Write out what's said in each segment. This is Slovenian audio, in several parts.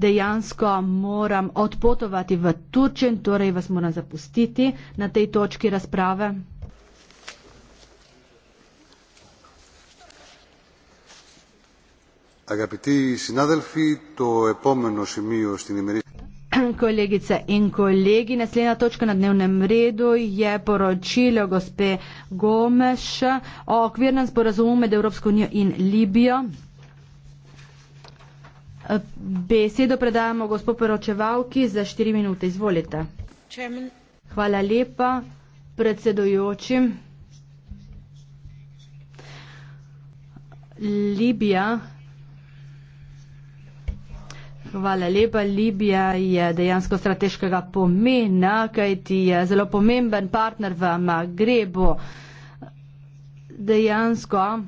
dejansko moram odpotovati v Turčijo in torej vas moram zapustiti na tej točki razprave. Agapiti, sinadelfi, to je pomeno še mi v štinimeri. Kolegice in kolegi, naslednja točka na dnevnem redu je poročilo gospe Gomeš o okvirnem sporazumu med Evropsko unijo in Libijo. Besedo predajamo gospod poročevalki za štiri minute. Izvolite. Chairman. Hvala lepa predsedujočim. Libija. Hvala lepa. Libija je dejansko strateškega pomena, kajti je zelo pomemben partner v Magrebu. Dejansko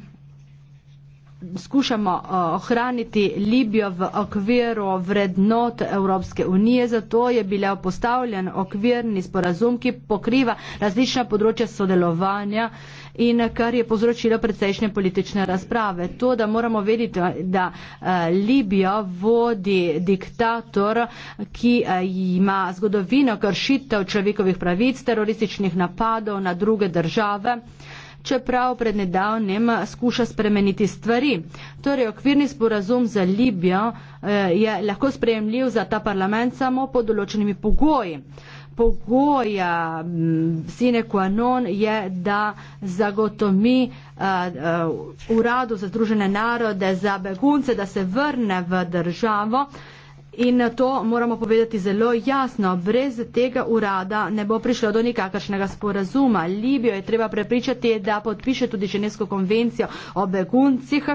skušamo eh, ohraniti Libijo v okviru vrednot Evropske unije. Zato je bil postavljen okvirni sporazum, ki pokriva različna področja sodelovanja in kar je povzročilo precejšnje politične razprave. To, da moramo vedeti, da eh, Libijo vodi diktator, ki eh, ima zgodovino kršitev človekovih pravic, terorističnih napadov na druge države čeprav pred nedavnem skuša spremeniti stvari. Torej, okvirni sporazum za Libijo eh, je lahko sprejemljiv za ta parlament samo pod določenimi pogoji. Pogoja mm, sine qua non je, da zagotovi eh, eh, uradu za združene narode, za begunce, da se vrne v državo. In to moramo povedati zelo jasno, brez tega urada ne bo prišlo do nikakršnega sporazuma. Libijo je treba prepričati, da podpiše tudi Ženevsko konvencijo o beguncih.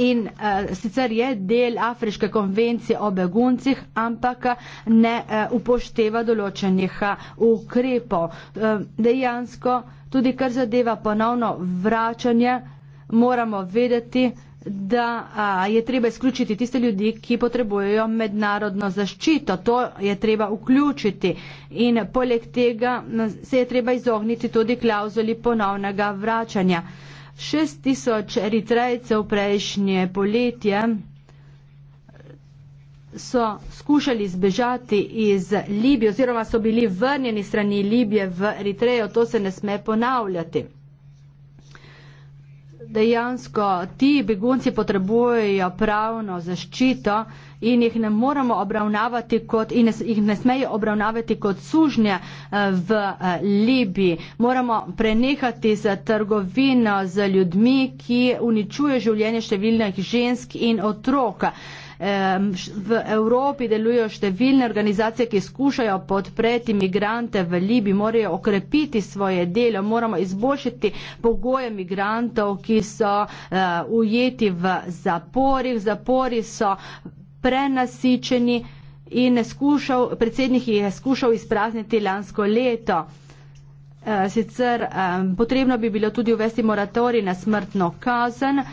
In uh, sicer je del Afriške konvencije o beguncih, ampak ne uh, upošteva določenih eh, ukrepov. Uh, dejansko, tudi kar zadeva ponovno vračanje, moramo vedeti, da a, je treba izključiti tiste ljudi, ki potrebujejo mednarodno zaščito. To je treba vključiti. In poleg tega se je treba izogniti tudi klauzuli ponovnega vračanja. 6000 eritrejcev prejšnje poletje so skušali zbežati iz Libije oziroma so bili vrnjeni strani Libije v Eritrejo. To se ne sme ponavljati dejansko ti begunci potrebujejo pravno zaščito in jih ne moremo obravnavati kot, in jih ne smejo obravnavati kot sužnje eh, v eh, Libiji. Moramo prenehati z trgovino z ljudmi, ki uničuje življenje številnih žensk in otroka v Evropi delujejo številne organizacije, ki skušajo podpreti migrante v Libiji, morajo okrepiti svoje delo, moramo izboljšati pogoje migrantov, ki so eh, ujeti v zaporih. Zapori so prenasičeni in skušal, predsednik jih je skušal izprazniti lansko leto. Eh, sicer potrebno bi bilo tudi uvesti moratori na smrtno kazen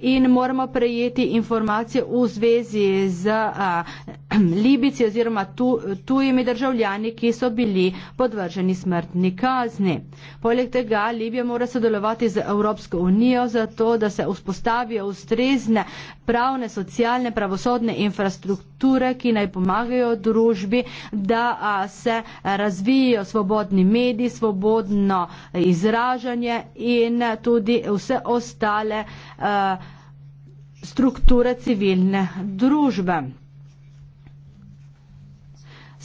in moramo prejeti informacije v zvezi z a, Libici oziroma tu, tujimi državljani, ki so bili podvrženi smrtni kazni. Poleg tega Libija mora sodelovati z Evropsko unijo za to, da se vzpostavijo ustrezne pravne, socialne, pravosodne infrastrukture, ki naj pomagajo družbi, da a, se razvijajo svobodni mediji, svobodno izražanje in tudi vse ostale a, strukture civilne družbe.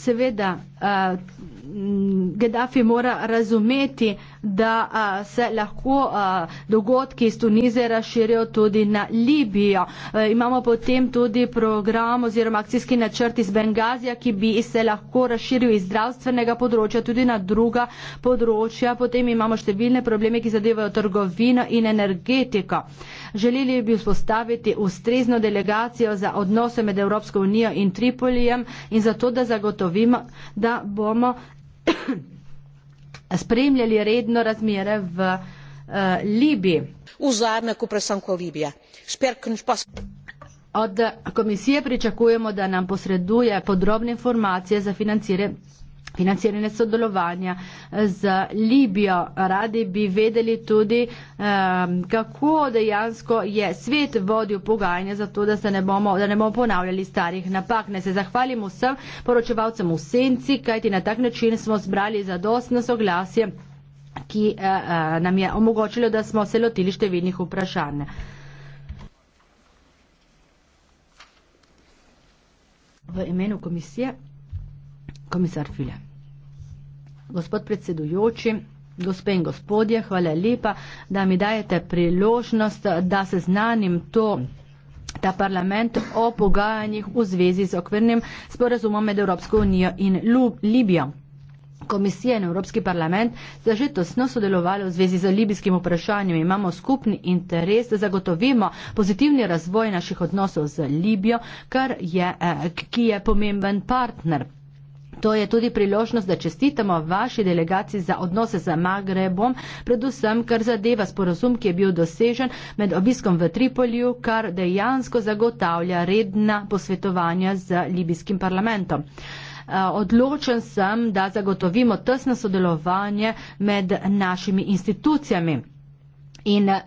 Seveda, eh, Gaddafi mora razumeti, da eh, se lahko eh, dogodki iz Tunize razširijo tudi na Libijo. Imamo potem tudi program oziroma akcijski načrt iz Bengazija, ki bi se lahko razširil iz zdravstvenega področja tudi na druga področja. Potem imamo številne probleme, ki zadevajo trgovino in energetiko. Želeli bi vzpostaviti ustrezno delegacijo za odnose med Evropsko unijo in Tripolijem in zato, da zagotovimo, da bomo spremljali redno razmere v uh, Libiji. Od komisije pričakujemo, da nam posreduje podrobne informacije za financiranje financiranje sodelovanja eh, z Libijo. Radi bi vedeli tudi, ehm, kako dejansko je svet vodil pogajanja za to, da, ne bomo, da ne bomo ponavljali starih napak. Ne se zahvalimo vsem poročevalcem v senci, kajti na tak način smo zbrali zadostno soglasje, ki eh, eh, nam je omogočilo, da smo se lotili številnih vprašanj. V imenu komisije komisar File. Gospod predsedujoči, gospe in gospodje, hvala lepa, da mi dajete priložnost, da se znanim to ta parlament o pogajanjih v zvezi z okvirnim sporazumom med Evropsko unijo in Lub Libijo. Komisija in Evropski parlament so že tesno sodelovali v zvezi z libijskim vprašanjem. Imamo skupni interes, da zagotovimo pozitivni razvoj naših odnosov z Libijo, je, eh, ki je pomemben partner. To je tudi priložnost, da čestitamo vaši delegaciji za odnose z Magrebom, predvsem kar zadeva sporozum, ki je bil dosežen med obiskom v Tripolju, kar dejansko zagotavlja redna posvetovanja z libijskim parlamentom. Eh, odločen sem, da zagotovimo tesno sodelovanje med našimi institucijami. In uh,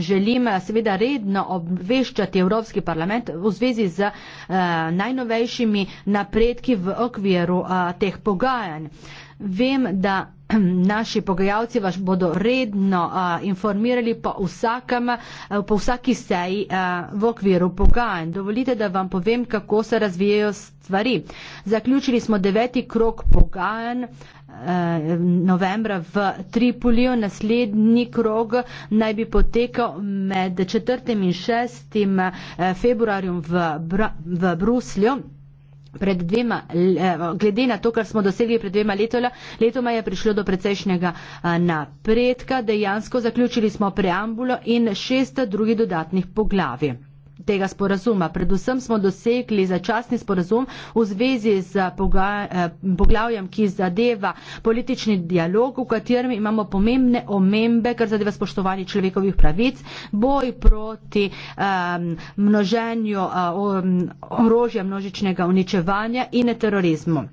želim eh, seveda redno obveščati Evropski parlament v zvezi z uh, najnovejšimi napredki v okviru uh, teh pogajanj. Vem, da Naši pogajalci vas bodo redno informirali po, vsakem, po vsaki seji v okviru pogajanj. Dovolite, da vam povem, kako se razvijajo stvari. Zaključili smo deveti krok pogajanj novembra v Tripoliju. Naslednji krog naj bi potekal med 4. in 6. februarjem v, Br v Bruslju pred dvema, eh, glede na to, kar smo dosegli pred dvema letola, letoma je prišlo do precejšnjega eh, napredka, dejansko zaključili smo preambulo in šest drugih dodatnih poglavij tega sporazuma. Predvsem smo dosegli začasni sporazum v zvezi z eh, poglavjem, ki zadeva politični dialog, v katerem imamo pomembne omembe, kar zadeva spoštovanje človekovih pravic, boj proti um, množenju um, orožja množičnega uničevanja in terorizmu.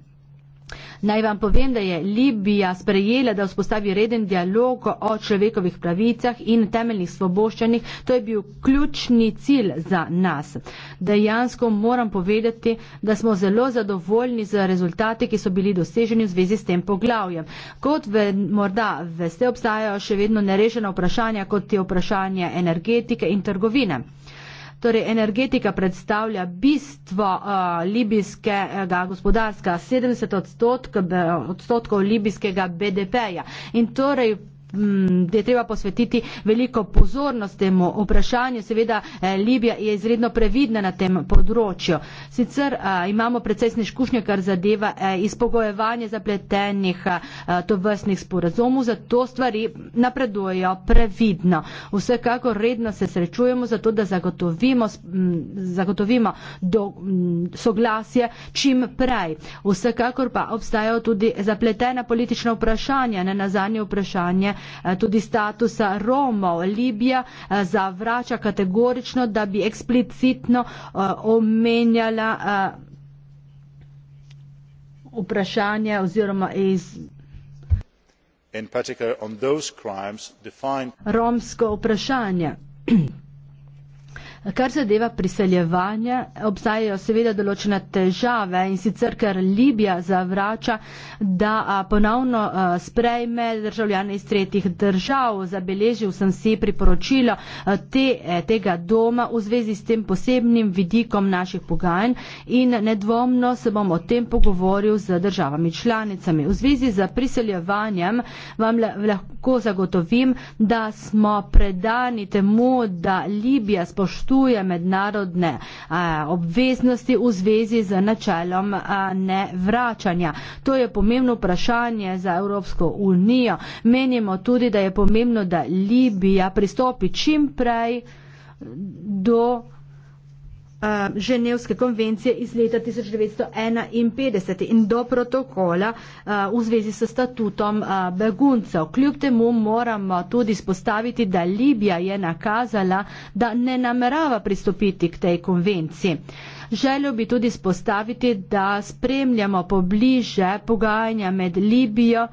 Naj vam povem, da je Libija sprejela, da vzpostavi reden dialog o človekovih pravicah in temeljnih svoboščanih. To je bil ključni cilj za nas. Dejansko moram povedati, da smo zelo zadovoljni z rezultati, ki so bili doseženi v zvezi s tem poglavjem. Kot ve, morda veste, obstajajo še vedno nerešena vprašanja, kot je vprašanje energetike in trgovine. Torej, energetika predstavlja bistvo uh, libijskega gospodarstva, 70 odstotk, eh, odstotkov libijskega BDP-ja. In torej Mm, je treba posvetiti veliko pozornost temu vprašanju. Seveda eh, Libija je izredno previdna na tem področju. Sicer eh, imamo precejšnje izkušnje, kar zadeva eh, izpogojevanje zapletenih tovrstnih sporazumov, zato stvari napredujejo previdno. Vsekakor redno se srečujemo, zato da zagotovimo, zagotovimo do, soglasje čim prej. Vsekakor pa obstajajo tudi zapletena politična vprašanja, ne na zadnje vprašanje Eh, tudi statusa Romov. Libija eh, zavrača kategorično, da bi eksplicitno eh, omenjala vprašanje oziroma iz. In particular on those crimes defined romsko vprašanje. Kar zadeva priseljevanje, obstajajo seveda določene težave in sicer, ker Libija zavrača, da ponovno sprejme državljane iz tretjih držav. Zabeležil sem si priporočilo te, e, tega doma v zvezi s tem posebnim vidikom naših pogajanj in nedvomno se bom o tem pogovoril z državami članicami. V zvezi z priseljevanjem vam lahko zagotovim, da smo predani temu, da Libija spoštuje spoštuje mednarodne eh, obveznosti v zvezi z načelom eh, nevračanja. To je pomembno vprašanje za Evropsko unijo. Menimo tudi, da je pomembno, da Libija pristopi čim prej do uh, Ženevske konvencije iz leta 1951 in do protokola uh, v zvezi s statutom uh, beguncev. Kljub temu moramo tudi spostaviti, da Libija je nakazala, da ne namerava pristopiti k tej konvenciji. Želel bi tudi spostaviti, da spremljamo pobliže pogajanja med Libijo,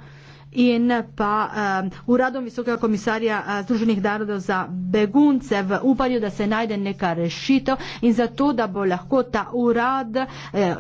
in pa uh, uradom visokega komisarja eh, Združenih narodov za begunce v upanju, da se najde neka rešitev in zato, da bo lahko ta urad uh,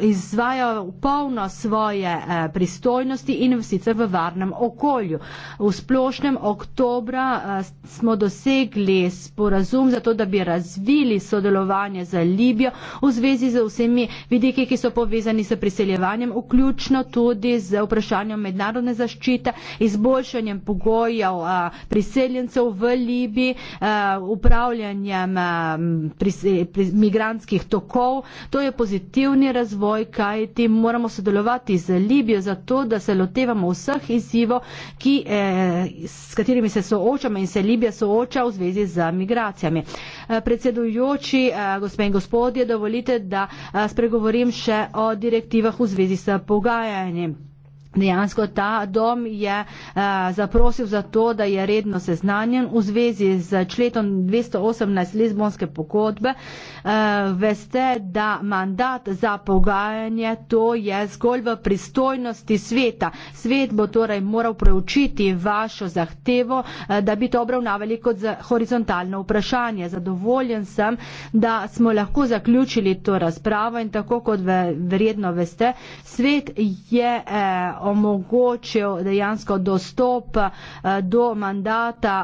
izvajal polno svoje uh, pristojnosti in sicer v varnem okolju. V splošnem oktobra uh, smo dosegli sporazum za to, da bi razvili sodelovanje za Libijo v zvezi z vsemi vidiki, ki so povezani s priseljevanjem, vključno tudi z vprašanjem mednarodne zaščite izboljšanjem pogojev priseljencev v Libiji, upravljanjem migranskih tokov. To je pozitivni razvoj, kaj ti moramo sodelovati z Libijo, zato da se lotevamo vseh izzivov, ki, e, s katerimi se soočamo in se Libija sooča v zvezi z migracijami. E, predsedujoči, e, gospe in gospodje, dovolite, da spregovorim še o direktivah v zvezi s pogajanjem. Dejansko ta dom je uh, zaprosil za to, da je redno seznanjen v zvezi z letom 218 Lizbonske pogodbe. Uh, veste, da mandat za pogajanje to je zgolj v pristojnosti sveta. Svet bo torej moral preučiti vašo zahtevo, uh, da bi to obravnavali kot horizontalno vprašanje. Zadovoljen sem, da smo lahko zaključili to razpravo in tako kot verjetno veste, svet je uh, omogočil dejansko dostop eh, do mandata,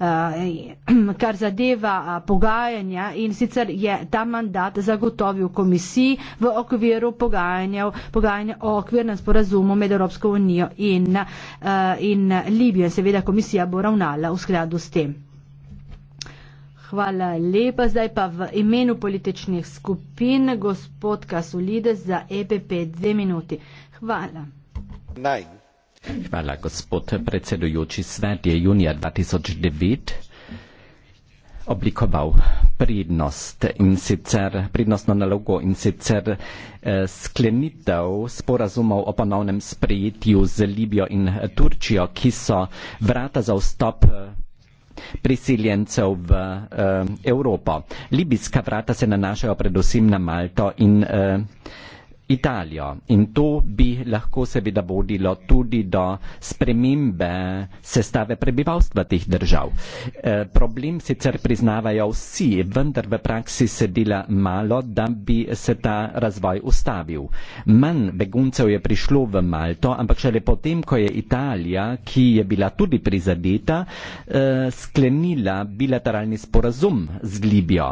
eh, eh, kar zadeva pogajanja in sicer je ta mandat zagotovil komisiji v okviru pogajanja o okvirnem sporazumu med Evropsko unijo in, in Libijo. Seveda komisija bo ravnala v skladu s tem. Hvala lepa. Zdaj pa v imenu političnih skupin gospod Kasulides za EPP dve minuti. Hvala. Hvala, gospod predsedujoči. Svet je junija 2009 oblikoval prednost in sicer prednostno nalogo in sicer eh, sklenitev sporazumov o ponovnem sprejetju z Libijo in eh, Turčijo, ki so vrata za vstop eh, priseljencev v eh, Evropo. Libijska vrata se nanašajo predvsem na Malto in eh, Italijo. In to bi lahko seveda vodilo tudi do spremembe sestave prebivalstva teh držav. E, problem sicer priznavajo vsi, vendar v praksi se dela malo, da bi se ta razvoj ustavil. Manj beguncev je prišlo v Malto, ampak šele potem, ko je Italija, ki je bila tudi prizadeta, e, sklenila bilateralni sporazum z Libijo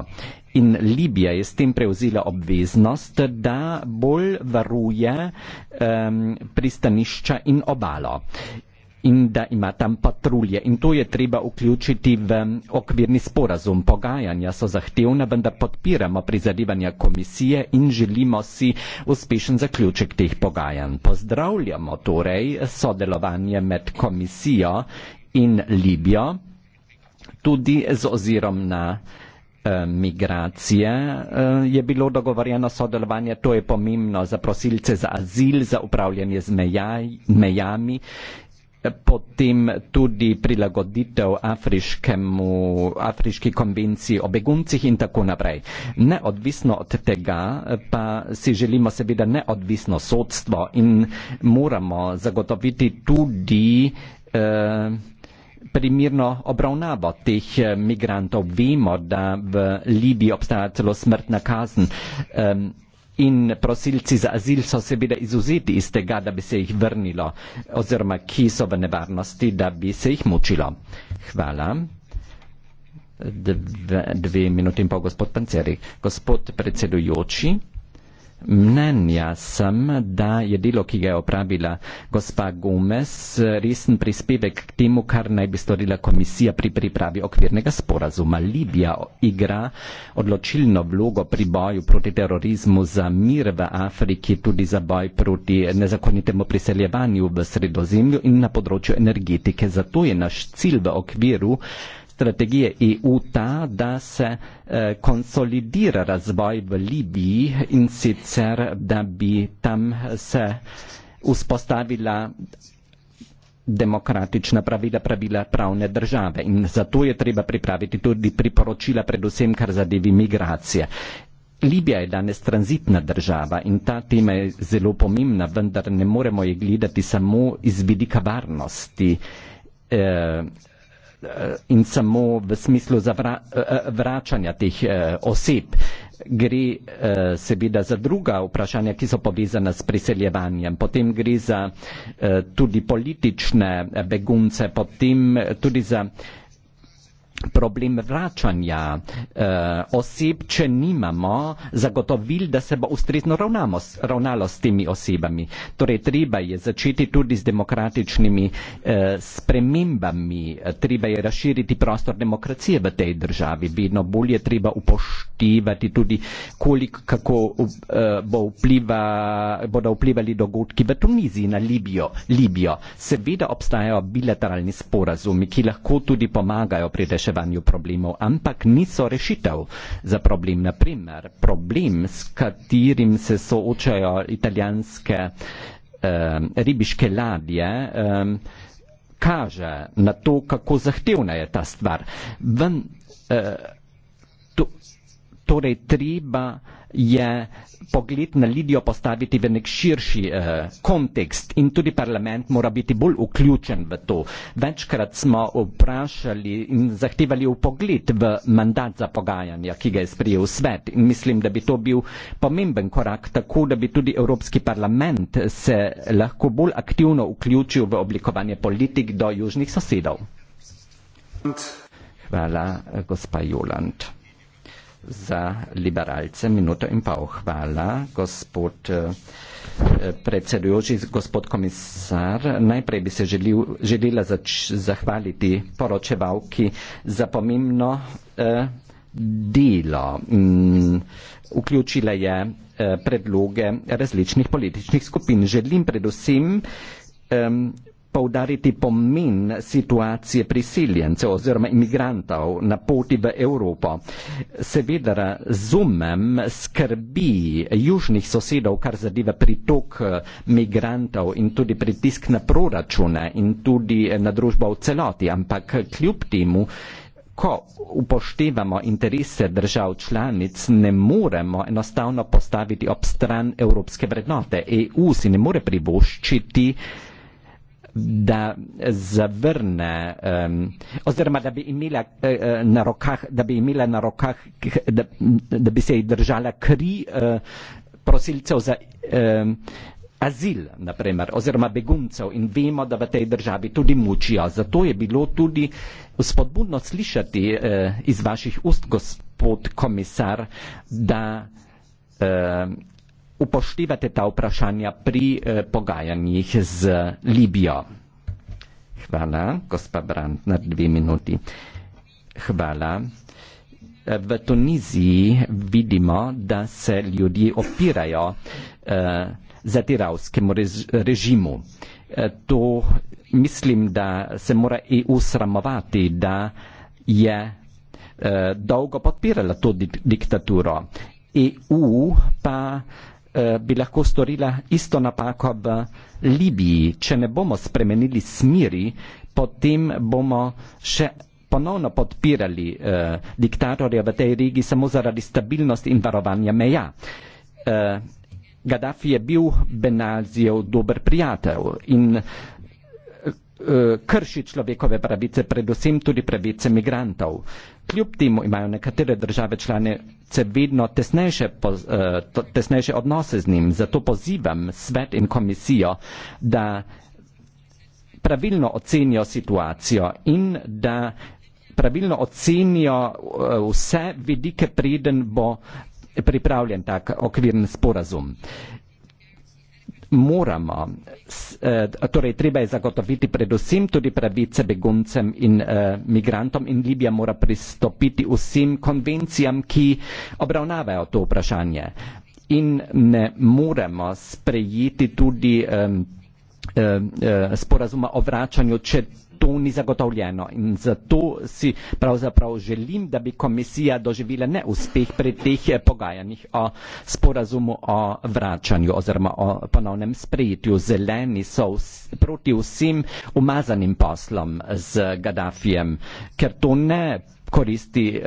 in Libija je s tem prevzela obveznost, da bolj varuje um, pristanišča in obalo in da ima tam patrulje. In to je treba vključiti v okvirni sporazum. Pogajanja so zahtevna, vendar podpiramo prizadevanja komisije in želimo si uspešen zaključek teh pogajanj. Pozdravljamo torej sodelovanje med komisijo in Libijo, tudi z ozirom na uh, Eh, migracije. Eh, je bilo dogovorjeno sodelovanje, to je pomembno za prosilce za azil, za upravljanje z mejaj, mejami, eh, potem tudi prilagoditev afriškemu, afriški konvenciji o beguncih in tako naprej. Neodvisno od tega pa si želimo seveda neodvisno sodstvo in moramo zagotoviti tudi eh, primirno obravnavo teh eh, migrantov. Vemo, da v Libiji obstaja celo smrtna kazen. Um, in prosilci za azil so seveda izuzeti iz tega, da bi se jih vrnilo, oziroma ki so v nevarnosti, da bi se jih mučilo. Hvala. Dve, dve minuti in pol, gospod Panceri. Gospod predsedujoči. Mnenja sem, da je delo, ki ga je opravila gospa Gomez, resen prispevek k temu, kar naj bi storila komisija pri pripravi okvirnega sporazuma. Libija igra odločilno vlogo pri boju proti terorizmu za mir v Afriki, tudi za boj proti nezakonitemu priseljevanju v sredozemlju in na področju energetike. Zato je naš cilj v okviru strategije EU ta, da se eh, konsolidira razvoj v Libiji in sicer, da bi tam se vzpostavila demokratična pravila, pravila pravne države. In zato je treba pripraviti tudi priporočila, predvsem kar zadevi migracije. Libija je danes tranzitna država in ta tema je zelo pomembna, vendar ne moremo je gledati samo iz vidika varnosti. Eh, Eh, in samo v smislu zavra, eh, eh, vračanja teh oseb. Gre seveda za druga vprašanja, ki so povezana s priseljevanjem. Potem gre za tudi politične begunce, potem tudi za problem vračanja eh, oseb, če nimamo zagotovil, da se bo ustrezno ravnamo, ravnalo s temi osebami. Torej, treba je začeti tudi z demokratičnimi eh, spremembami, treba je razširiti prostor demokracije v tej državi, vedno bolje treba upoštevati upoštevati tudi, koliko, kako uh, bo vpliva, bodo vplivali dogodki v Tuniziji na Libijo. Libijo. Seveda obstajajo bilateralni sporazumi, ki lahko tudi pomagajo pri reševanju problemov, ampak niso rešitev za problem. Naprimer, problem, s katerim se soočajo italijanske uh, ribiške ladje, um, kaže na to, kako zahtevna je ta stvar. Ven, uh, Torej, treba je pogled na Lidijo postaviti v nek širši eh, kontekst in tudi parlament mora biti bolj vključen v to. Večkrat smo vprašali in zahtevali v pogled v mandat za pogajanja, ki ga je sprijel svet in mislim, da bi to bil pomemben korak, tako da bi tudi Evropski parlament se lahko bolj aktivno vključil v oblikovanje politik do južnih sosedov. Hvala, gospa Joland za liberalce. Minuto in pol. Hvala, gospod eh, predsedujoči, gospod komisar. Najprej bi se želil, želila zač, zahvaliti poročevalki za pomembno eh, delo. Mm, vključila je eh, predloge različnih političnih skupin. Želim predvsem eh, poudariti pomen situacije priseljencev oziroma imigrantov na poti v Evropo. Seveda razumem skrbi južnih sosedov, kar zadeva pritok eh, migrantov in tudi pritisk na proračune in tudi eh, na družbo v celoti, ampak kljub temu. Ko upoštevamo interese držav članic, ne moremo enostavno postaviti ob stran evropske vrednote. EU si ne more privoščiti da zavrne, um, oziroma da bi imela uh, na rokah, da bi imela na rokah, da, da bi se ji držala kri uh, prosilcev za uh, azil, naprimer, oziroma beguncev in vemo, da v tej državi tudi mučijo. Zato je bilo tudi spodbudno slišati uh, iz vaših ust, gospod komisar, da uh, upoštevate ta vprašanja pri eh, pogajanjih z Libijo? Hvala, gospa Brandt, na dve minuti. Hvala. Eh, v Tuniziji vidimo, da se ljudje opirajo eh, zatiravskemu režimu. Eh, to mislim, da se mora EU sramovati, da je eh, dolgo podpirala to di diktaturo. EU pa eh, Eh, bi lahko storila isto napako v Libiji. Če ne bomo spremenili smeri, potem bomo še ponovno podpirali eh, diktatorja v tej regiji samo zaradi stabilnosti in varovanja meja. Eh, Gaddafi je bil Benazijev dober prijatelj in Eh, krši človekove pravice, predvsem tudi pravice migrantov. Kljub temu imajo nekatere države članice vedno tesnejše, eh, tesnejše odnose z njim, zato pozivam svet in komisijo, da pravilno ocenijo situacijo in da pravilno ocenijo eh, vse vidike, preden bo pripravljen tak okvirni sporazum moramo, eh, torej treba je zagotoviti predvsem tudi pravice beguncem in uh, migrantom in Libija mora pristopiti vsem konvencijam, ki obravnavajo to vprašanje. In ne moremo sprejeti tudi um, uh, uh, sporazuma o vračanju, če to ni zagotovljeno in zato si pravzaprav želim, da bi komisija doživela neuspeh pri teh eh, pogajanjih o sporazumu o vračanju oziroma o ponovnem sprejetju. Zeleni so vsi, proti vsem umazanim poslom z Gaddafijem, ker to ne koristi eh,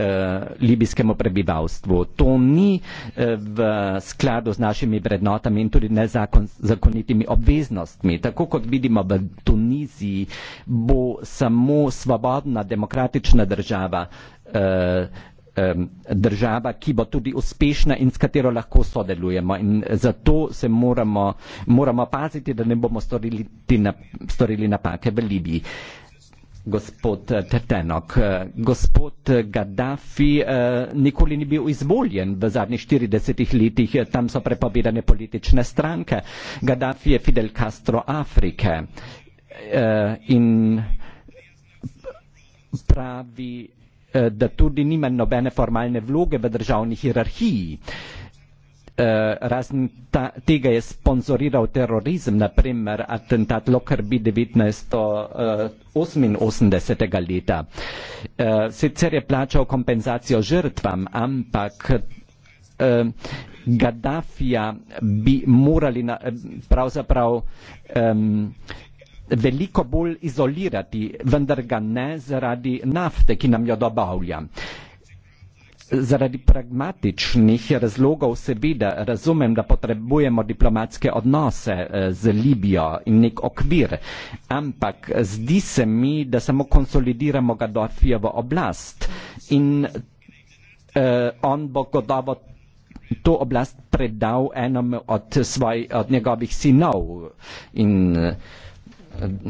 libijskemu prebivalstvu. To ni eh, v skladu z našimi vrednotami in tudi nezakonitimi obveznostmi. Tako kot vidimo v Tuniziji, bo samo svobodna demokratična država eh, država, ki bo tudi uspešna in s katero lahko sodelujemo. In zato se moramo, moramo paziti, da ne bomo storili, na, storili napake v Libiji. Uh, gospod eh, Tetenok. Eh, gospod eh, Gaddafi nikoli ni bil izvoljen v zadnjih 40 letih, tam so prepovedane politične stranke. Gaddafi je Fidel Castro Afrike in pravi, da tudi nima nobene formalne vloge v državni hierarhiji uh, razen ta, tega je sponzoriral terorizem, naprimer atentat Lockerbie 1988. Uh, leta. Uh, sicer je plačal kompenzacijo žrtvam, ampak uh, Gaddafija bi morali na, pravzaprav um, veliko bolj izolirati, vendar ga ne zaradi nafte, ki nam jo dobavlja. Uh, zaradi pragmatičnih razlogov seveda razumem, da potrebujemo diplomatske odnose eh, z Libijo in nek okvir, ampak zdi se mi, da samo konsolidiramo Gaddafijevo oblast in eh, on bo gotovo to oblast predal enom od, svoj, od njegovih sinov in eh,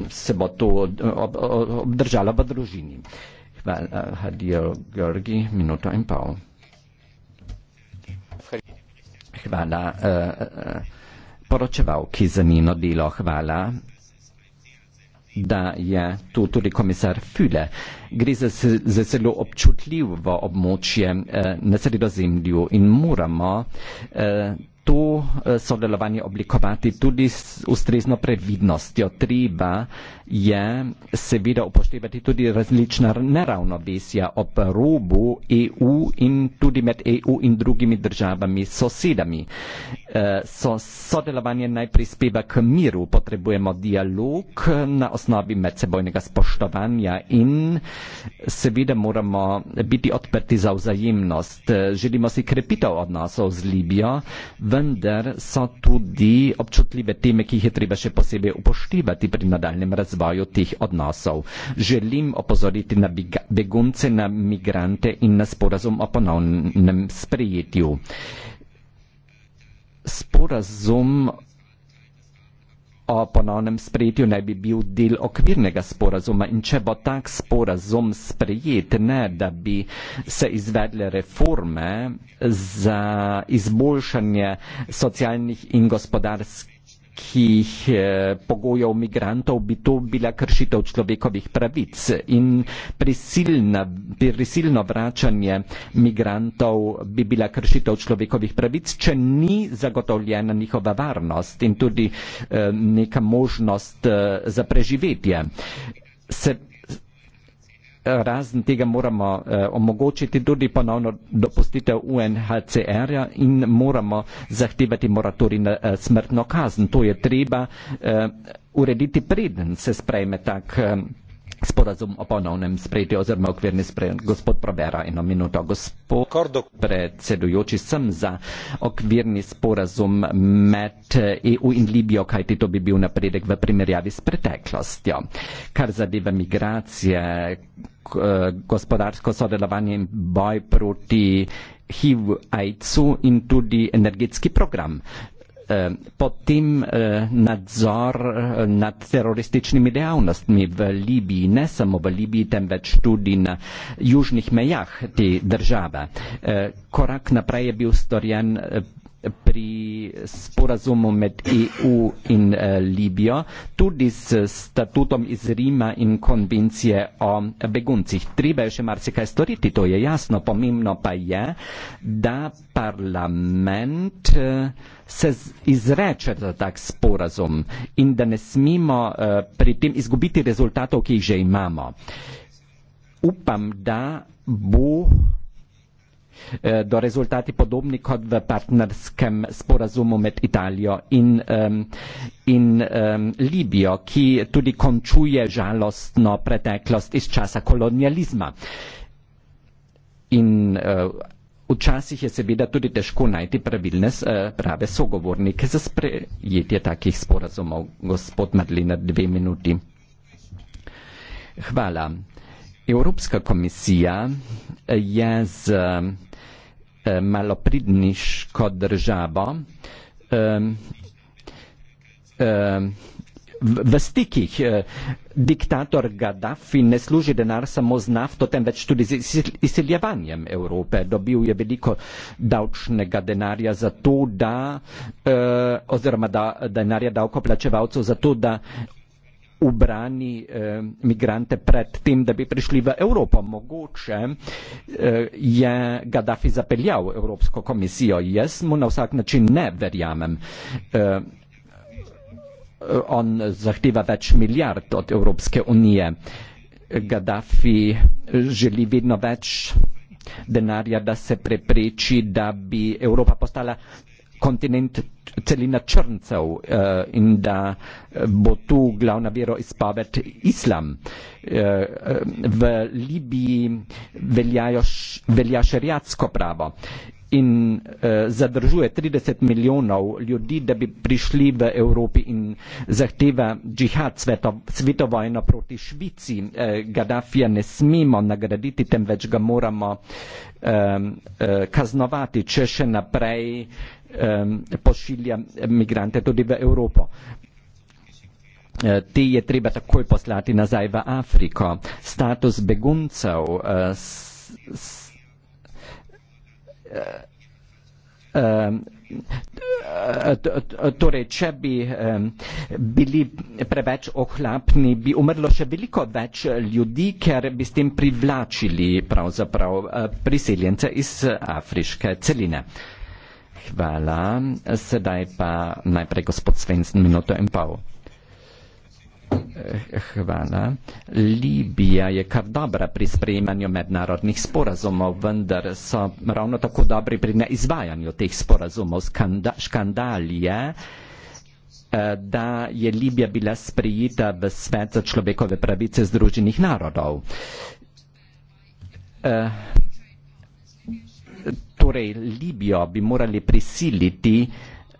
se bo to obdržalo v družini. Eh, hat dir Görgi Minute im Bau. Hvala. Uh, eh, eh, poročeval Kizanino Dilo, hvala, da je tu tudi komisar Füle. Gre za, za zelo občutljivo območje uh, na sredozemlju in moramo uh, tu eh, sodelovanje oblikovati tudi s ustrezno previdnostjo. Treba je seveda upoštevati tudi različna neravnovesja ob robu EU in tudi med EU in drugimi državami, sosedami. Eh, so sodelovanje naj prispeva k miru. Potrebujemo dialog na osnovi medsebojnega spoštovanja in seveda moramo biti odprti za vzajemnost. Eh, želimo si krepitev odnosov z Libijo, vendar so tudi občutljive teme, ki jih je treba še posebej upoštevati pri nadaljem razvoju teh odnosov. Želim opozoriti na begunce, na migrante in na sporazum o ponovnem sprejetju sporazum o ponovnem sprejetju naj bi bil del okvirnega sporazuma in če bo tak sporazum sprejet, ne da bi se izvedle reforme za izboljšanje socialnih in gospodarskih velikih eh, pogojev migrantov bi to bila kršitev človekovih pravic in prisilno vračanje migrantov bi bila kršitev človekovih pravic, če ni zagotovljena njihova varnost in tudi eh, neka možnost eh, za preživetje. Se razen tega moramo eh, omogočiti tudi ponovno dopustitev UNHCR-ja in moramo zahtevati moratori na eh, smrtno kazen. To je treba eh, urediti preden se sprejme tak. Eh, sporazum o ponovnem sprejeti oziroma okvirni sprejem. Gospod Probera, eno minuto. Gospod Kordo. predsedujoči, sem za okvirni sporazum med EU eh, e in Libijo, kajti to bi bil napredek v primerjavi s preteklostjo. Kar zadeva migracije, eh, gospodarsko sodelovanje in boj proti HIV-AIDS-u in tudi energetski program. Eh, pod tim eh, nadzor eh, nad terorističnimi dejavnostmi v Libiji, ne samo v Libiji, temveč tudi na južnih mejah te države. Korak naprej je bil storjen pri sporazumu med EU in eh, Libijo, tudi s statutom iz Rima in konvencije o beguncih. Treba je še marsikaj storiti, to je jasno. Pomembno pa je, da parlament eh, se izreče za tak sporazum in da ne smemo eh, pri tem izgubiti rezultatov, ki jih že imamo. Upam, da bo Eh, do rezultati podobni kot v partnerskem sporazumu med Italijo in, in um, Libijo, ki tudi končuje žalostno preteklost iz časa kolonializma. In uh, včasih je seveda tudi težko najti pravilne uh, prave sogovornike za sprejetje takih sporazumov. Gospod Madlina, dve minuti. Hvala. Evropska komisija je z uh, Eh, malopridniško državo v stikih. Eh, diktator Gaddafi ne služi denar samo z nafto, temveč tudi z izseljevanjem Evrope. Dobil je veliko davčnega denarja za to, da, eh, oziroma da, denarja davkoplačevalcev za to, da ubrani eh, migrante pred tem, da bi prišli v Evropo. Mogoče eh, je Gaddafi zapeljal Evropsko komisijo. Jaz mu na vsak način ne verjamem. Eh, on zahteva več milijard od Evropske unije. Gaddafi želi vedno več denarja, da se prepreči, da bi Evropa postala kontinent celina črncev uh, in da eh, bo tu glavna vero izpoved islam. Uh, v Libiji velja šariatsko pravo in eh, zadržuje 30 milijonov ljudi, da bi prišli v Evropi in zahteva džihad, sveto, svetovojno proti Švici. Eh, Gaddafija ne smemo nagraditi, temveč ga moramo eh, kaznovati, če še naprej eh, pošilja migrante tudi v Evropo. Eh, te je treba takoj poslati nazaj v Afriko. Status beguncev, eh, Eh, eh, eh, torej, če bi bili preveč ohlapni, bi umrlo še veliko več ljudi, ker bi s tem privlačili pravzaprav priseljence iz afriške celine. Hvala. Sedaj pa najprej gospod Svensen, minuto in pol. Eh, hvala. Libija je kar dobra pri sprejemanju mednarodnih sporazumov, vendar so ravno tako dobri pri neizvajanju teh sporazumov. Skanda, škandal je, eh, da je Libija bila sprejeta v svet za človekove pravice Združenih narodov. Eh, torej, Libijo bi morali prisiliti,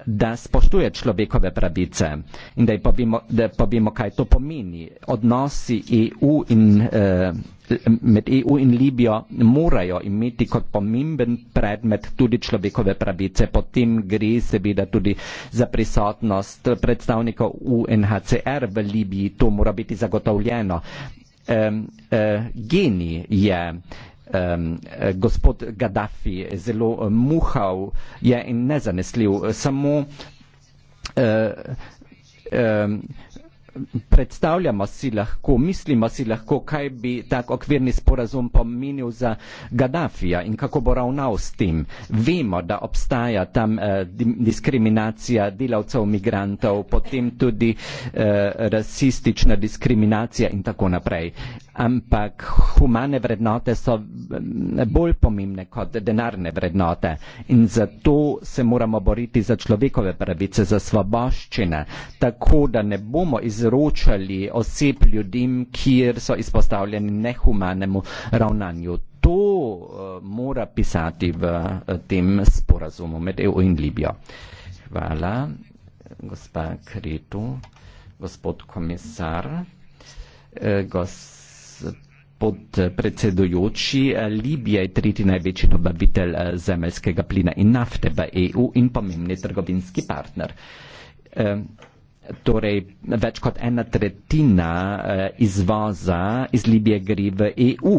da spoštuje človekove pravice in da povemo, da povemo, kaj to pomeni. Odnosi EU in, eh, med EU in Libijo morajo imeti kot pomemben predmet tudi človekove pravice. Potem gre seveda tudi za prisotnost predstavnikov UNHCR v Libiji. To mora biti zagotovljeno. Eh, eh, geni je. Eh, um, gospod Gaddafi zelo eh, muhal je in nezanesljiv. Samo uh, um, predstavljamo si lahko, mislimo si lahko, kaj bi tak okvirni sporazum pomenil za Gaddafija in kako bo ravnal s tem. Vemo, da obstaja tam eh, diskriminacija delavcev, migrantov, potem tudi eh, rasistična diskriminacija in tako naprej ampak humane vrednote so mm, bolj pomembne kot denarne vrednote in zato se moramo boriti za človekove pravice, za svoboščine, tako da ne bomo izročali oseb ljudem, kjer so izpostavljeni nehumanemu ravnanju. To eh, mora pisati v eh, tem sporazumu med EU in Libijo. Hvala, gospa Kretu, gospod komisar. Eh, gospod podpredsedujoči. Eh, Libija je tretji največji dobavitelj eh, zemeljskega plina in nafte v EU in pomembni trgovinski partner. Torej, več kot ena tretjina eh, izvoza iz Libije gre v EU.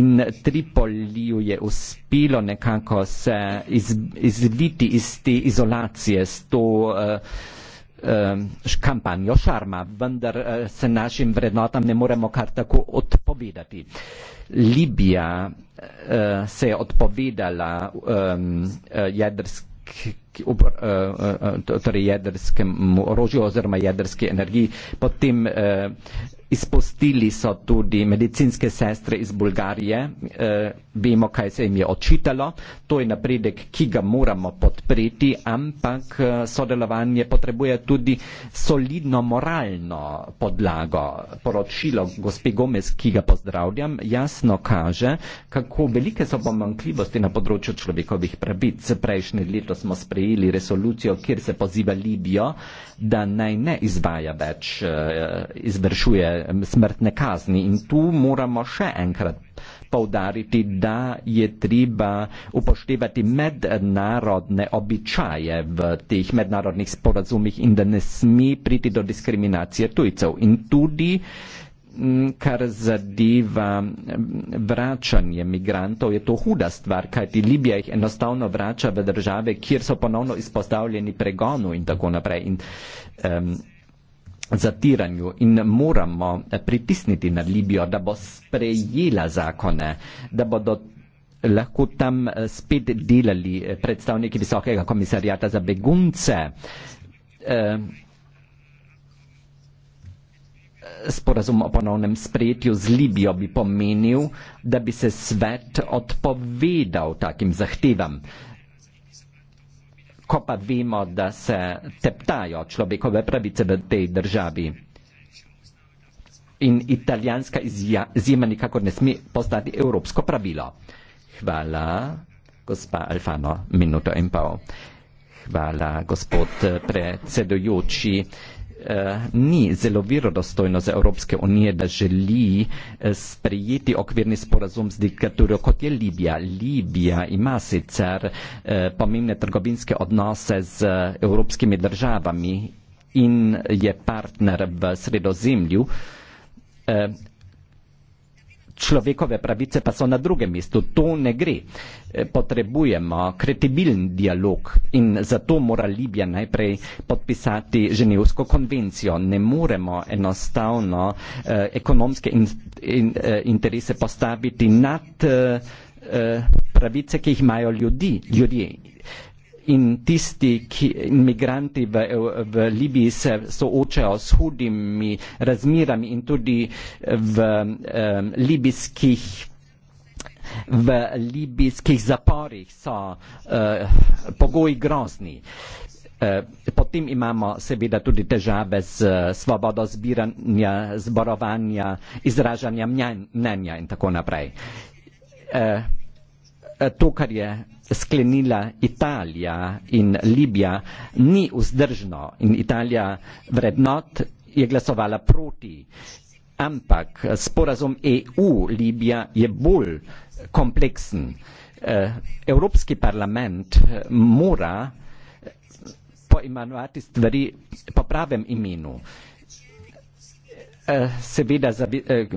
In Tripoliju je uspelo nekako se iz, izviti iz te izolacije s to uh, Ehm, kampanjo šarma, vendar eh, se našim vrednotam ne moremo kar tako odpovedati. Libija eh, se je odpovedala ehm, eh, torej jedrskemu orožju oziroma jedrski energiji, potem Izpustili so tudi medicinske sestre iz Bulgarije, e, vemo, kaj se jim je očitalo. To je napredek, ki ga moramo podpreti, ampak eh, sodelovanje potrebuje tudi solidno moralno podlago. Poročilo gospe Gomez, ki ga pozdravljam, jasno kaže, kako velike so pomankljivosti na področju človekovih pravic. Prejšnje leto smo sprejeli resolucijo, kjer se poziva Libijo, da naj ne izvaja več, e, izvršuje Eh, smrtne kazni. In tu moramo še enkrat povdariti, da je treba upoštevati mednarodne običaje v teh mednarodnih sporazumih in da ne sme priti do diskriminacije tujcev. In tudi, kar zadeva vračanje migrantov, je to huda stvar, kajti Libija jih enostavno vrača v države, kjer so ponovno izpostavljeni pregonu in tako naprej. In, um, zatiranju in moramo pritisniti na Libijo, da bo sprejela zakone, da bodo lahko tam eh, spet delali eh, predstavniki Visokega komisarjata za begunce. Eh, sporazum o ponovnem sprejetju z Libijo bi pomenil, da bi se svet odpovedal takim zahtevam ko pa vemo, da se teptajo človekove pravice v tej državi. In italijanska izjema nikakor ne sme postati evropsko pravilo. Hvala, gospa Alfano, minuto in pol. Hvala, gospod predsedujoči. Eh, ni zelo virodostojno za Evropske unije, da želi eh, sprejeti okvirni sporazum z diktaturo, kot je Libija. Libija ima sicer eh, pomembne trgovinske odnose z evropskimi državami in je partner v sredozemlju človekove pravice pa so na drugem mestu. To ne gre. E, potrebujemo kredibilen dialog in zato mora Libija najprej podpisati Ženevsko konvencijo. Ne moremo enostavno eh, ekonomske in, in, eh, interese postaviti nad eh, pravice, ki jih imajo ljudi, ljudje. Eh, in tisti, ki imigranti v, v Libiji se soočajo s hudimi razmirami in tudi v um, libijskih v libijskih zaporih so uh, pogoji grozni. Uh, potem imamo seveda tudi težave z uh, svobodo zbiranja, zborovanja, izražanja mnenja in tako naprej. Uh, to, kar je sklenila Italija in Libija, ni vzdržno in Italija vrednot je glasovala proti. Ampak sporazum EU-Libija je bolj kompleksen. Eh, Evropski parlament eh, mora eh, poimenovati stvari po pravem imenu. Seveda,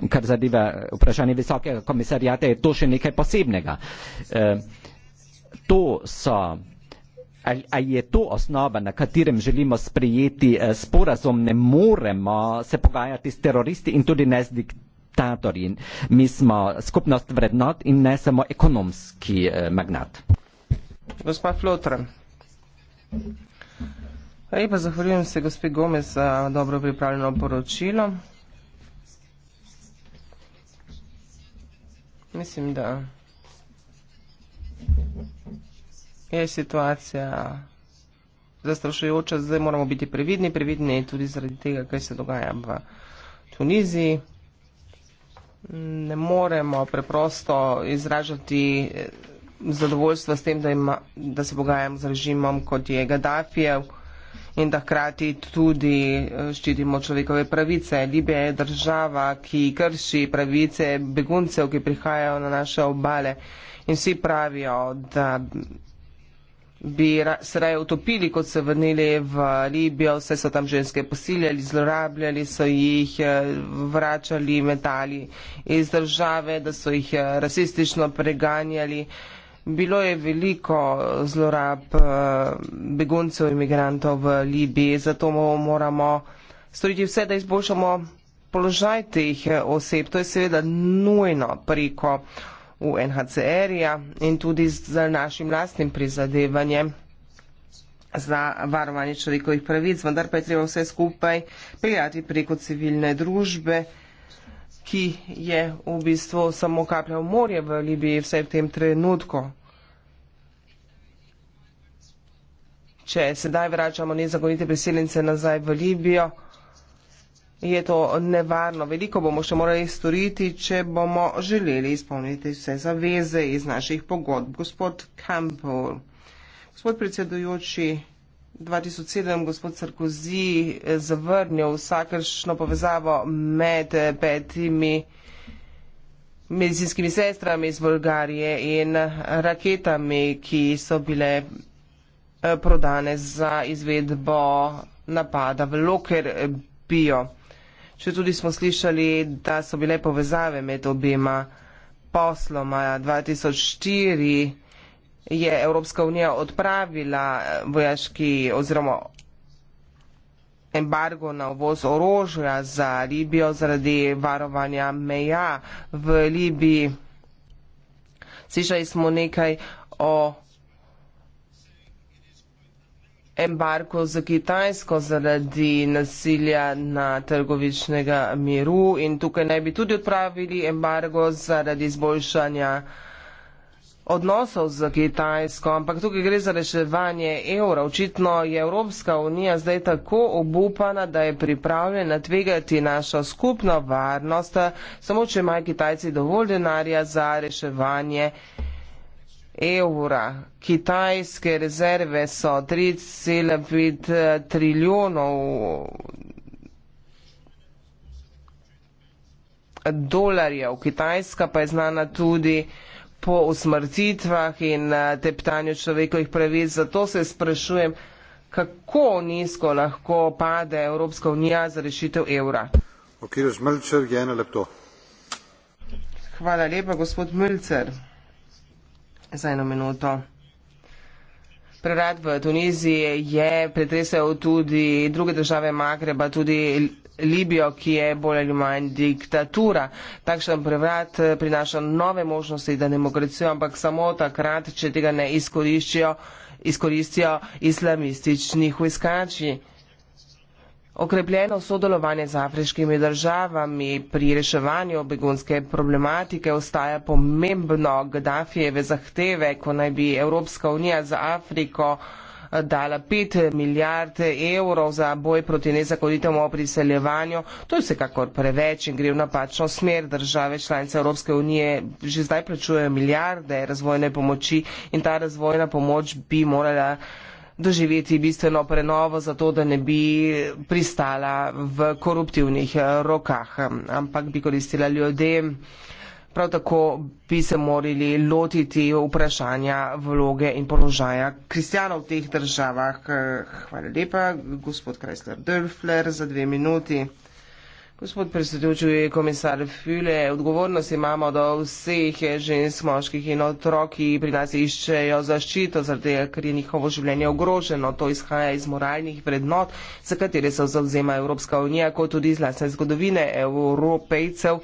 kar zadeva vprašanje visokega komisarjata, je to še nekaj posebnega to so Ali, ali je to osnova, na katerem želimo sprejeti eh, sporazum, ne moremo se pogajati s teroristi in tudi ne z diktatorji. Mi smo skupnost vrednot in ne samo ekonomski eh, magnat. Gospa Flotra. Lepa, zahvaljujem se gospe Gomez za dobro pripravljeno poročilo. Mislim, da je situacija zastrašujoča, zdaj moramo biti previdni, previdni tudi zaradi tega, kaj se dogaja v Tuniziji. Ne moremo preprosto izražati eh, zadovoljstva s tem, da, ima, da se pogajamo z režimom, kot je Gaddafijev in da hkrati tudi eh, ščitimo človekove pravice. Libija je država, ki krši pravice beguncev, ki prihajajo na naše obale in vsi pravijo, da bi se raje utopili, kot se vrnili v Libijo, vse so tam ženske posiljali, zlorabljali, so jih eh, vračali, metali iz države, da so jih eh, rasistično preganjali. Bilo je veliko zlorab eh, beguncev in imigrantov v Libiji, zato moramo storiti vse, da izboljšamo položaj teh oseb. To je seveda nujno preko UNHCR-ja in tudi z našim lastnim prizadevanjem za varovanje človekovih pravic, vendar pa je treba vse skupaj prijati preko civilne družbe, ki je v bistvu samo kaplja v morje v Libiji vse v tem trenutku. Če sedaj vračamo nezakonite priseljence nazaj v Libijo, je to nevarno. Veliko bomo še morali storiti, če bomo želeli izpolniti vse zaveze iz naših pogodb. Gospod Campbell, gospod predsedujoči. 2007 gospod Sarkozy zavrnil vsakršno povezavo med petimi medicinskimi sestrami iz Bolgarije in raketami, ki so bile eh, prodane za izvedbo napada v Loker bio. Še tudi smo slišali, da so bile povezave med obima posloma. 2004 je Evropska unija odpravila eh, vojaški oziroma embargo na uvoz orožja za Libijo zaradi varovanja meja v Libiji. Slišali smo nekaj o embargo za Kitajsko zaradi nasilja na trgovičnega miru in tukaj naj bi tudi odpravili embargo zaradi izboljšanja odnosov z Kitajsko, ampak tukaj gre za reševanje evra. Očitno je Evropska unija zdaj tako obupana, da je pripravljena tvegati našo skupno varnost, samo če imajo Kitajci dovolj denarja za reševanje evra evra. Kitajske rezerve so 3,5 eh, trilijonov dolarjev. Kitajska pa je znana tudi po usmrtitvah in eh, teptanju človekovih pravic. Zato se sprašujem, kako nizko lahko pade Evropska unija za rešitev evra. Okay, Hvala lepa, gospod Mlcer za eno minuto. Prerad v Tuniziji je pretresel tudi druge države Magreba, tudi Libijo, ki je bolj ali manj diktatura. Takšen prevrat eh, prinaša nove možnosti, da demokracijo, ampak samo takrat, če tega ne izkoriščijo, izkoristijo islamistični hujskači. Okrepljeno sodelovanje z afriškimi državami pri reševanju begunske problematike ostaja pomembno. Gaddafijeve zahteve, ko naj bi Evropska unija za Afriko eh, dala 5 milijard evrov za boj proti nezakonitemu priseljevanju, to je vsekakor preveč in gre v napačno smer. Države članice Evropske unije že zdaj plačujejo milijarde razvojne pomoči in ta razvojna pomoč bi morala doživeti bistveno prenovo, zato da ne bi pristala v koruptivnih eh, rokah, ampak bi koristila ljudem. Prav tako bi se morali lotiti vprašanja vloge in položaja kristjanov v teh državah. Hvala lepa, gospod Krajsler Dörfler, za dve minuti. Gospod predsedujoči, komisar Füle, odgovornost imamo do vseh žensk, moških in otrok, ki pri nas iščejo zaščito, zaradi tega, ker je njihovo življenje ogroženo. To izhaja iz moralnih vrednot, za katere se zauzema Evropska unija, kot tudi iz lasne zgodovine evropejcev,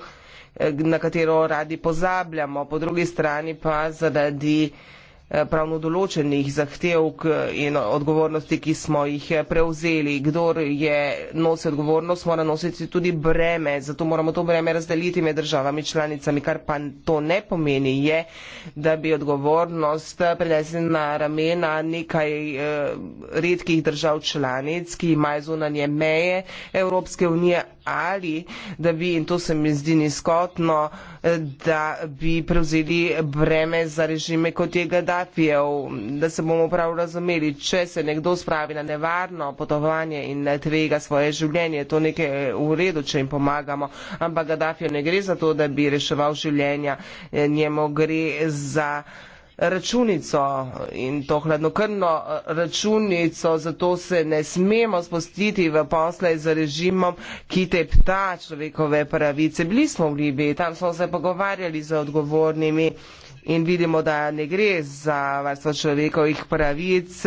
na katero radi pozabljamo. Po drugi strani pa zaradi. Eh, pravno določenih zahtev in odgovornosti, ki smo jih eh, prevzeli. Kdor je nosi odgovornost, mora nositi tudi breme, zato moramo to breme razdeliti med državami članicami, kar pa to ne pomeni, je, da bi odgovornost prenesli na ramena nekaj eh, redkih držav članic, ki imajo zunanje meje Evropske unije ali da bi, in to se mi zdi niskotno, eh, da bi prevzeli breme za režime kot je Gaddafijev, da se bomo prav razumeli, če se nekdo spravi na nevarno potovanje in tvega svoje življenje, to nekaj eh, v redu, če jim pomagamo, ampak Gaddafijev ne gre za to, da bi reševal življenja, eh, njemu gre za računico in to hladnokrvno eh, računico, zato se ne smemo spustiti v posle z režimom, ki tepta človekove pravice. Bili smo v Libiji, tam smo se pogovarjali z odgovornimi in vidimo, da ne gre za varstvo človekovih pravic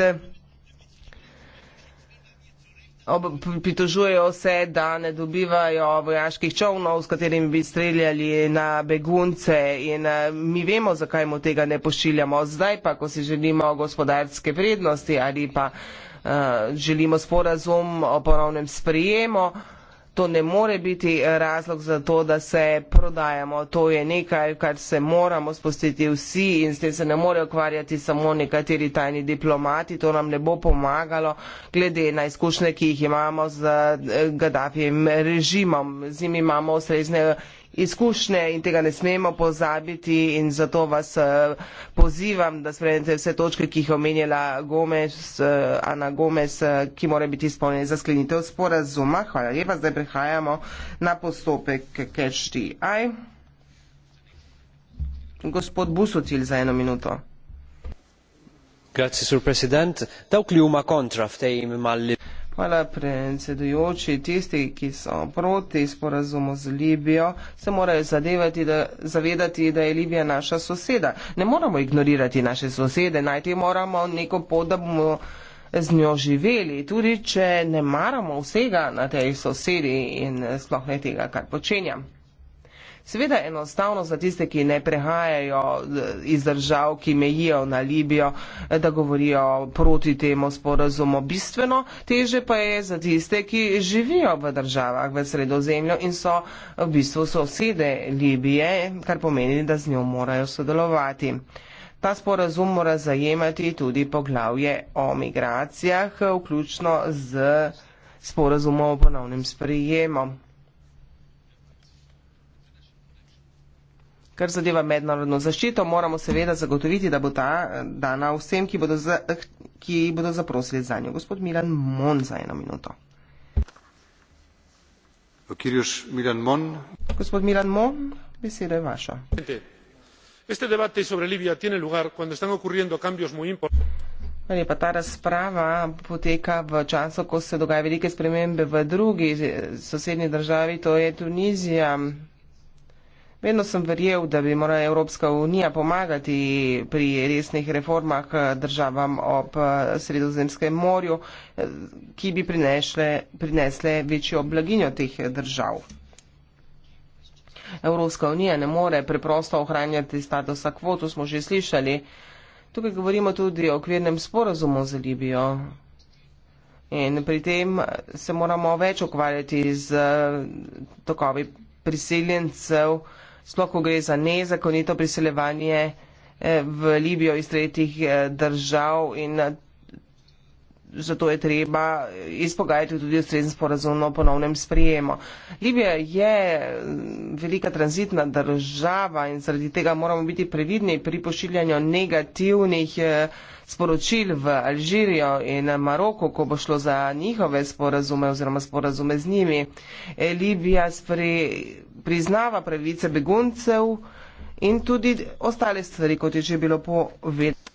ob, pritožujejo se, da ne dobivajo vojaških čovnov, s katerimi bi streljali na begunce in eh, mi vemo, zakaj mu tega ne pošiljamo. Zdaj pa, ko si želimo gospodarske prednosti ali pa uh, želimo sporazum o ponovnem sprijemu, uh, to ne more biti eh, razlog za to, da se prodajamo. To je nekaj, kar se moramo spustiti vsi in s tem se ne more ukvarjati samo nekateri tajni diplomati. To nam ne bo pomagalo, glede na izkušnje, ki jih imamo z eh, Gaddafijem režimom. Z njimi imamo srečne izkušnje in tega ne smemo pozabiti in zato vas eh, pozivam, da sprejmete vse točke, ki jih je omenjala Gomez, eh, Ana Gomez, eh, ki mora biti izpolnjena za sklenitev sporazuma. Hvala lepa, zdaj prehajamo na postopek CashDI. Gospod Busucil za eno minuto. Grazie, sur president. Tau kliuma kontraftei mal. Hvala predsedujoči. Tisti, ki so proti sporazumu z Libijo, se morajo zadevati, da, zavedati, da je Libija naša soseda. Ne moramo ignorirati naše sosede, najti moramo neko pot, da bomo z njo živeli, tudi če ne maramo vsega na tej sosedi in sploh ne tega, kar počenjam. Seveda enostavno za tiste, ki ne prehajajo eh, iz držav, ki mejijo na Libijo, eh, da govorijo proti temu sporazumu. Bistveno teže pa je za tiste, ki živijo v državah v sredozemlju in so v bistvu sosede Libije, kar pomeni, da z njo morajo sodelovati. Ta sporazum mora zajemati tudi poglavje o migracijah, vključno z sporazumom o ponovnem sprejemu. kar zadeva mednarodno zaščito, moramo seveda zagotoviti, da bo ta eh, dana vsem, ki bodo, za, eh, ki bodo zaprosili za njo. Gospod Milan Mon za eno minuto. Kirjuš Milan Mon. Gospod Milan Mon, beseda je vaša. Este debate sobre Libia tiene lugar cuando están ocurriendo cambios muy importantes. Ta razprava poteka v času, ko se dogajajo velike spremembe v drugi eh, sosednji državi, to je Tunizija. Vedno sem verjel, da bi morala Evropska unija pomagati pri resnih reformah eh, državam ob eh, Sredozemskem morju, eh, ki bi prinesle, prinesle večjo blaginjo teh držav. Evropska unija ne more preprosto ohranjati statusa kvotu, smo že slišali. Tukaj govorimo tudi o okvirnem sporazumu za Libijo. In pri tem se moramo več ukvarjati z tokovi priseljencev, sploh ko gre za nezakonito priseljevanje eh, v Libijo iz tretjih eh, držav in zato je treba izpogajati tudi ustrezen sporazum o ponovnem sprijemu. Libija je velika transitna država in zaradi tega moramo biti previdni pri pošiljanju negativnih eh, sporočil v Alžirijo in Maroko, ko bo šlo za njihove sporazume oziroma sporazume z njimi. Eh, Libija spri, priznava pravice beguncev in tudi ostale stvari, kot je že bilo povedano.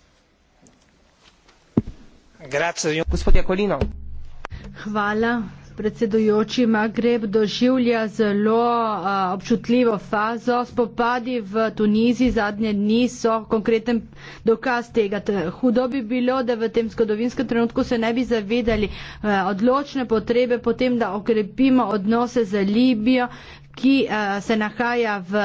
Hvala. Predsedujoči Magreb doživlja zelo uh, občutljivo fazo. Spopadi v Tuniziji zadnje dni so konkreten dokaz tega. Hudo bi bilo, da v tem zgodovinskem trenutku se ne bi zavedali uh, odločne potrebe potem, da okrepimo odnose za Libijo, uh, ki uh, se nahaja v,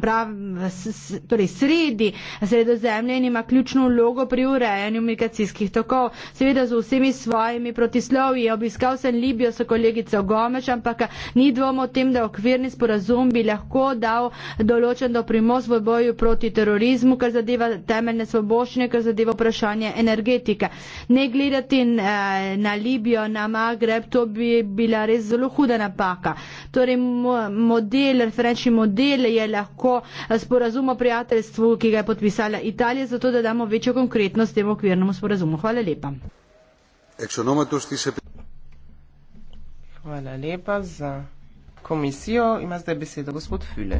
prav, v s, torej sredi sredozemlje in ima ključno vlogo pri urejanju migracijskih tokov. Seveda z vsemi svojimi protislovji je obiskal sem Libijo s kolegico Gomeč, ampak ni dvoma o tem, da okvirni sporazum bi lahko dal določen do primos v boju proti terorizmu, kar zadeva temeljne svoboščine, kar zadeva vprašanje energetike. Ne gledati eh, na Libijo, na Magreb, to bi bila res zelo huda napaka. Torej, model, referenčni model je lahko eh, sporazum o prijateljstvu, ki ga je podpisala Italija, zato da damo večjo konkretnost temu okvirnemu sporazumu. Hvala lepa. Hvala lepa za komisijo. Ima zdaj besedo gospod Füle.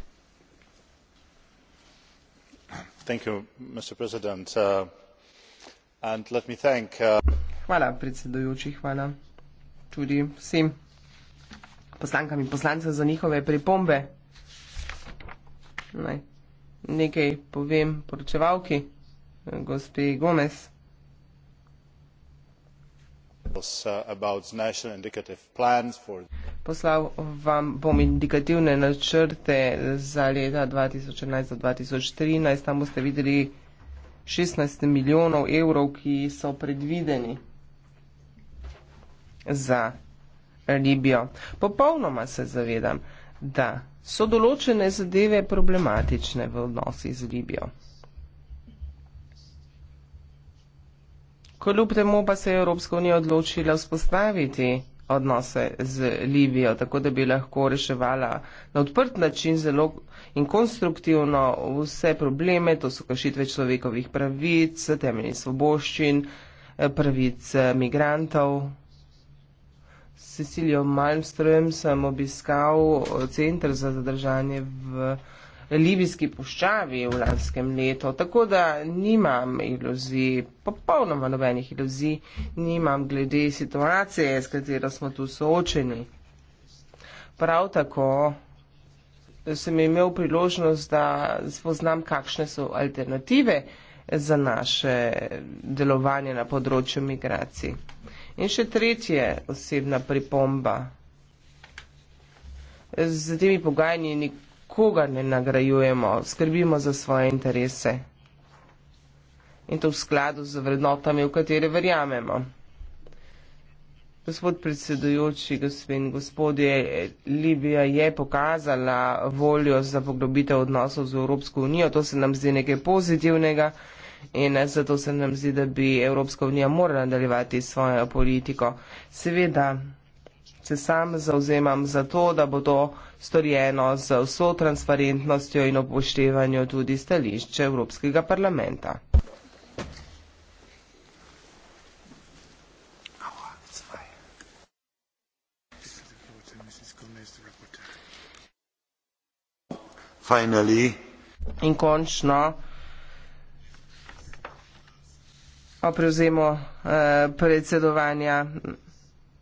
Thank you, Mr. President. Uh, and let me thank. Uh, hvala, predsedujoči, hvala tudi vsem poslankam in poslancem za njihove pripombe. Naj nekaj povem poročevalki, eh, gospe Gomez. Poslal vam bom indikativne načrte za leta 2011 do 2013. Tam boste videli 16 milijonov evrov, ki so predvideni za ribjo. Popolnoma se zavedam, da so določene zadeve problematične v odnosih z ribjo. Kljub temu pa se je Evropska unija odločila vzpostaviti odnose z Libijo, tako da bi lahko reševala na odprt način zelo in konstruktivno vse probleme, to so kršitve človekovih pravic, temeljnih svoboščin, pravic eh, migrantov Cecilijo Malmström sem obiskal eh, centr za zadržanje v libijski puščavi v lanskem letu, tako da nimam iluzij, popolnoma nobenih iluzij, nimam glede situacije, s katero smo tu soočeni. Prav tako sem imel priložnost, da spoznam, kakšne so alternative za naše delovanje na področju migracij. In še tretje osebna pripomba. Z temi pogajanji nikogar ne nagrajujemo, skrbimo za svoje interese. In to v skladu z vrednotami, v katere verjamemo. Gospod predsedujoči, gospe in gospodje, Libija je pokazala voljo za poglobitev odnosov z Evropsko unijo, to se nam zdi nekaj pozitivnega in zato se nam zdi, da bi Evropska unija morala nadaljevati svojo politiko. Seveda se sam zauzemam za to, da bo to storjeno z vso transparentnostjo in upoštevanjo tudi stališče Evropskega parlamenta. Finally. In končno. o prevzemu eh, predsedovanja.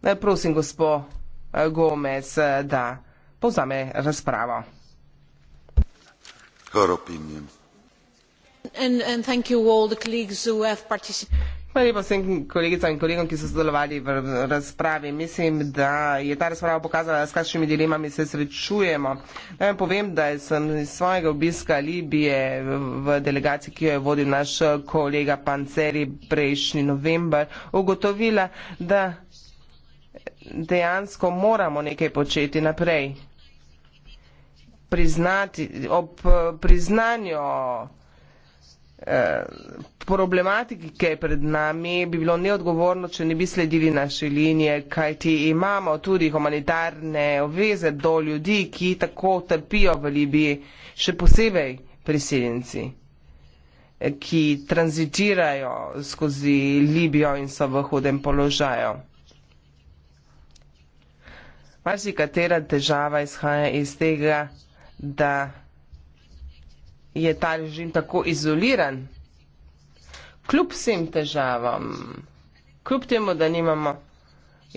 Eh, prosim, gospo eh, Gomez, da povzame razpravo. Her opinion. And, and thank you all the colleagues who have participated. Hvala lepa vsem kolegicam in kolegom, ki so sodelovali v razpravi. Mislim, da je ta razprava pokazala, s kakšnimi dilemami se srečujemo. Naj vam povem, da sem iz svojega obiska Libije v delegaciji, ki jo je vodil naš kolega Panceri prejšnji novembar, ugotovila, da dejansko moramo nekaj početi naprej. Priznati, ob priznanju. Eh, problematiki, ki je pred nami, bi bilo neodgovorno, če ne bi sledili naše linije, kajti imamo tudi humanitarne obveze do ljudi, ki tako trpijo v Libiji, še posebej priseljenci, eh, ki tranzitirajo skozi Libijo in so v hudem položaju. Marsikatera težava izhaja iz tega, da je ta režim tako izoliran, kljub vsem težavam, kljub temu, da nimamo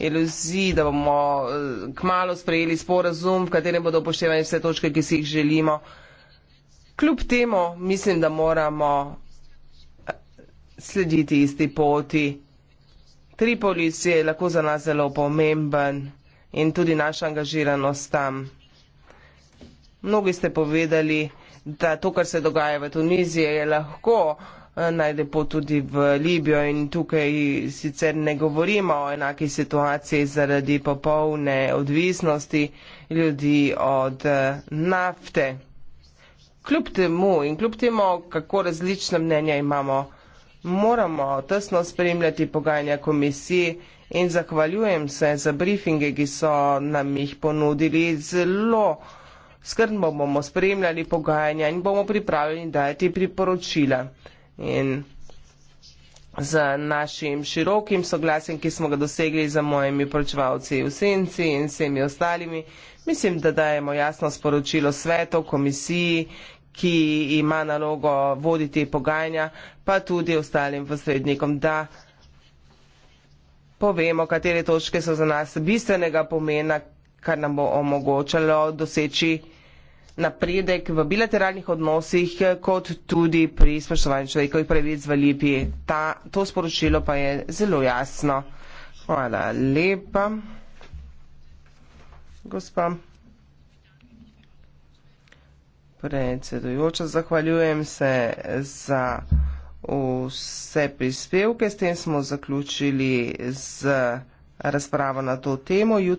iluzij, da bomo eh, kmalo sprejeli sporazum, v katerem bodo upoštevane vse točke, ki si jih želimo. Kljub temu mislim, da moramo eh, slediti isti poti. Tripolis je lahko za nas zelo pomemben in tudi naša angažiranost tam. Mnogi ste povedali, da to, kar se dogaja v Tuniziji, je lahko eh, najde pot tudi v Libijo in tukaj sicer ne govorimo o enaki situaciji zaradi popolne odvisnosti ljudi od eh, nafte. Kljub temu in kljub temu, kako različna mnenja imamo, moramo tesno spremljati pogajanja komisije in zahvaljujem se za brifinge, ki so nam jih ponudili zelo skrbno bomo spremljali pogajanja in bomo pripravljeni dajati priporočila. In z našim širokim soglasjem, ki smo ga dosegli za mojimi pročevalci v senci in vsemi ostalimi, mislim, da dajemo jasno sporočilo svetu, komisiji, ki ima nalogo voditi pogajanja, pa tudi ostalim posrednikom, da povemo, katere točke so za nas bistvenega pomena, kar nam bo omogočalo doseči napredek v bilateralnih odnosih, kot tudi pri spoštovanju človekovih pravic v Libiji. Ta, to sporočilo pa je zelo jasno. Hvala lepa, gospa. Predsedujoča, zahvaljujem se za vse prispevke. S tem smo zaključili z razpravo na to temo.